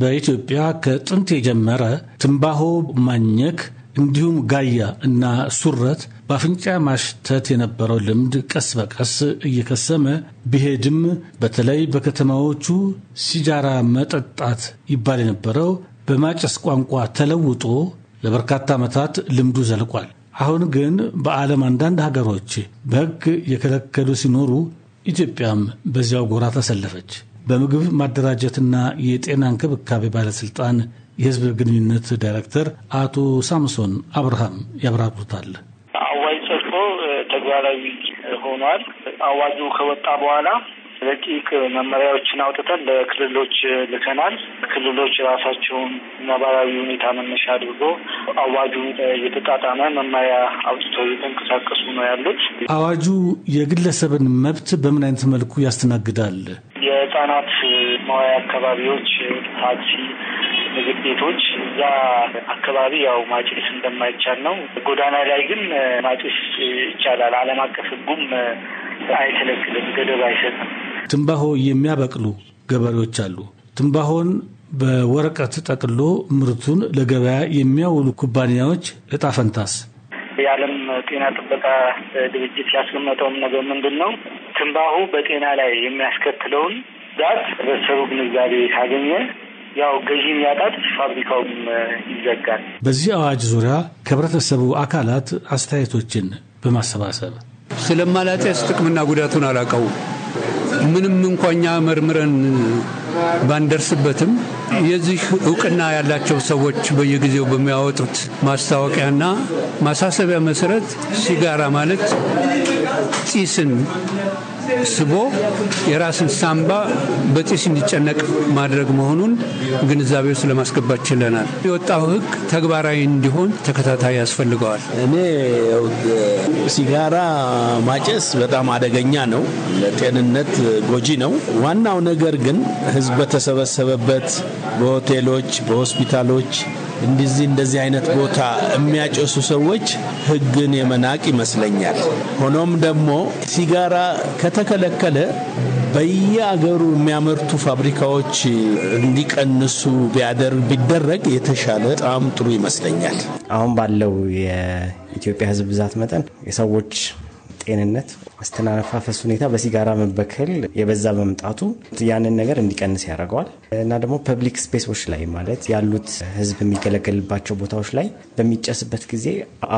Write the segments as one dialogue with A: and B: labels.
A: በኢትዮጵያ ከጥንት የጀመረ ትንባሆ ማኘክ እንዲሁም ጋያ እና ሱረት በአፍንጫ ማሽተት የነበረው ልምድ ቀስ በቀስ እየከሰመ ቢሄድም በተለይ በከተማዎቹ ሲጃራ መጠጣት ይባል የነበረው በማጨስ ቋንቋ ተለውጦ ለበርካታ ዓመታት ልምዱ ዘልቋል። አሁን ግን በዓለም አንዳንድ ሀገሮች በሕግ የከለከሉ ሲኖሩ ኢትዮጵያም በዚያው ጎራ ተሰለፈች። በምግብ ማደራጀትና የጤና እንክብካቤ ባለስልጣን የህዝብ ግንኙነት ዳይሬክተር አቶ ሳምሶን አብርሃም ያብራሩታል።
B: አዋጅ ጸድቆ ተግባራዊ ሆኗል። አዋጁ ከወጣ በኋላ ረቂቅ መመሪያዎችን አውጥተን ለክልሎች ልከናል። ክልሎች ራሳቸውን ነባራዊ ሁኔታ መነሻ አድርጎ አዋጁ የተጣጣመ መመሪያ አውጥቶ የተንቀሳቀሱ ነው ያሉት። አዋጁ
A: የግለሰብን መብት በምን አይነት መልኩ ያስተናግዳል?
B: ህጻናት መዋያ አካባቢዎች፣ ታክሲ፣ ምግብ ቤቶች እዛ አካባቢ ያው ማጭስ እንደማይቻል ነው። ጎዳና ላይ ግን ማጭስ ይቻላል። ዓለም አቀፍ ህጉም አይከለክልም፣ ገደብ አይሰጥም።
A: ትንባሆ የሚያበቅሉ ገበሬዎች አሉ። ትንባሆን በወረቀት ጠቅሎ ምርቱን ለገበያ የሚያውሉ ኩባንያዎች እጣ ፈንታስ?
B: የዓለም ጤና ጥበቃ ድርጅት ያስቀመጠውም ነገር ምንድን ነው? ትንባሁ በጤና ላይ የሚያስከትለውን ዳት ህብረተሰቡ ግንዛቤ ካገኘ ያው ገዢ ያጣት ፋብሪካውም ይዘጋል።
A: በዚህ አዋጅ ዙሪያ ከህብረተሰቡ አካላት አስተያየቶችን በማሰባሰብ
C: ስለማላጤስ ጥቅምና ጉዳቱን አላቀው ምንም እንኳኛ መርምረን ባንደርስበትም የዚህ እውቅና ያላቸው ሰዎች በየጊዜው በሚያወጡት ማስታወቂያና ማሳሰቢያ መሰረት ሲጋራ ማለት ጢስን ስቦ የራስን ሳምባ በጢስ እንዲጨነቅ ማድረግ መሆኑን ግንዛቤ ውስጥ ለማስገባት ችለናል። የወጣው ህግ ተግባራዊ እንዲሆን ተከታታይ ያስፈልገዋል። እኔ ሲጋራ ማጨስ በጣም አደገኛ ነው፣
A: ለጤንነት ጎጂ ነው። ዋናው ነገር ግን ህዝብ በተሰበሰበበት በሆቴሎች፣ በሆስፒታሎች እንደዚህ እንደዚህ አይነት ቦታ የሚያጨሱ ሰዎች ህግን የመናቅ ይመስለኛል። ሆኖም ደግሞ ሲጋራ ከተከለከለ በየአገሩ የሚያመርቱ ፋብሪካዎች እንዲቀንሱ ቢያደርግ ቢደረግ የተሻለ በጣም ጥሩ ይመስለኛል።
C: አሁን ባለው የኢትዮጵያ ህዝብ ብዛት መጠን የሰዎች ጤንነት አስተናፋፈስ ሁኔታ በሲጋራ መበከል የበዛ መምጣቱ ያንን ነገር እንዲቀንስ ያደርገዋል እና ደግሞ ፐብሊክ ስፔሶች ላይ ማለት ያሉት ህዝብ የሚገለገልባቸው ቦታዎች ላይ በሚጨስበት ጊዜ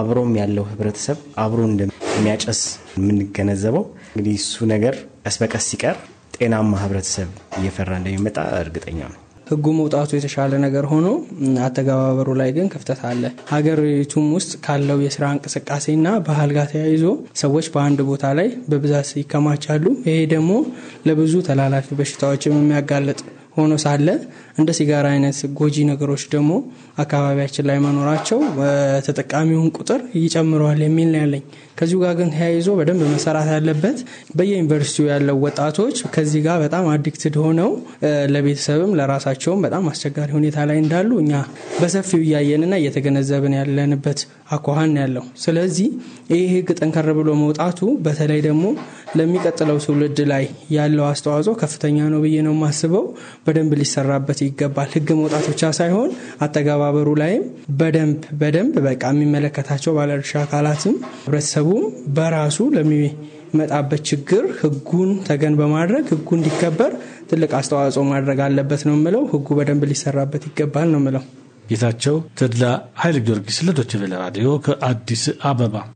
C: አብሮም ያለው ህብረተሰብ አብሮ እንደሚያጨስ የምንገነዘበው እንግዲህ እሱ ነገር ቀስ በቀስ ሲቀር ጤናማ ህብረተሰብ እየፈራ እንደሚመጣ እርግጠኛ ነው። ህጉ መውጣቱ የተሻለ ነገር ሆኖ አተገባበሩ ላይ ግን ክፍተት አለ። ሀገሪቱም ውስጥ ካለው የስራ እንቅስቃሴና ባህል ጋር ተያይዞ ሰዎች በአንድ ቦታ ላይ በብዛት ይከማቻሉ። ይሄ ደግሞ ለብዙ ተላላፊ በሽታዎችም የሚያጋልጥ ሆኖ ሳለ እንደ ሲጋራ አይነት ጎጂ ነገሮች ደግሞ አካባቢያችን ላይ መኖራቸው ተጠቃሚውን ቁጥር ይጨምረዋል የሚል ነው ያለኝ። ከዚሁ ጋር ግን ተያይዞ በደንብ መሰራት ያለበት በየዩኒቨርሲቲው ያለው ወጣቶች ከዚህ ጋር በጣም አዲክትድ ሆነው ለቤተሰብም ለራሳቸውም በጣም አስቸጋሪ ሁኔታ ላይ እንዳሉ እኛ በሰፊው እያየንና እየተገነዘብን ያለንበት አኳኋን ያለው። ስለዚህ ይህ ህግ ጠንከር ብሎ መውጣቱ በተለይ ደግሞ ለሚቀጥለው ትውልድ ላይ ያለው አስተዋጽኦ ከፍተኛ ነው ብዬ ነው የማስበው። በደንብ ሊሰራበት ይገባል። ህግ መውጣት ብቻ ሳይሆን አተገባበሩ ላይም በደንብ በደንብ በቃ የሚመለከታቸው ባለድርሻ አካላትም ህብረተሰቡም በራሱ ለሚመጣበት ችግር ህጉን ተገን በማድረግ ህጉ እንዲከበር ትልቅ አስተዋጽኦ ማድረግ አለበት ነው ምለው። ህጉ በደንብ ሊሰራበት ይገባል ነው ምለው።
A: ጌታቸው ተድላ ኃይለ ጊዮርጊስ ለዶይቼ ቬለ ራዲዮ ከአዲስ አበባ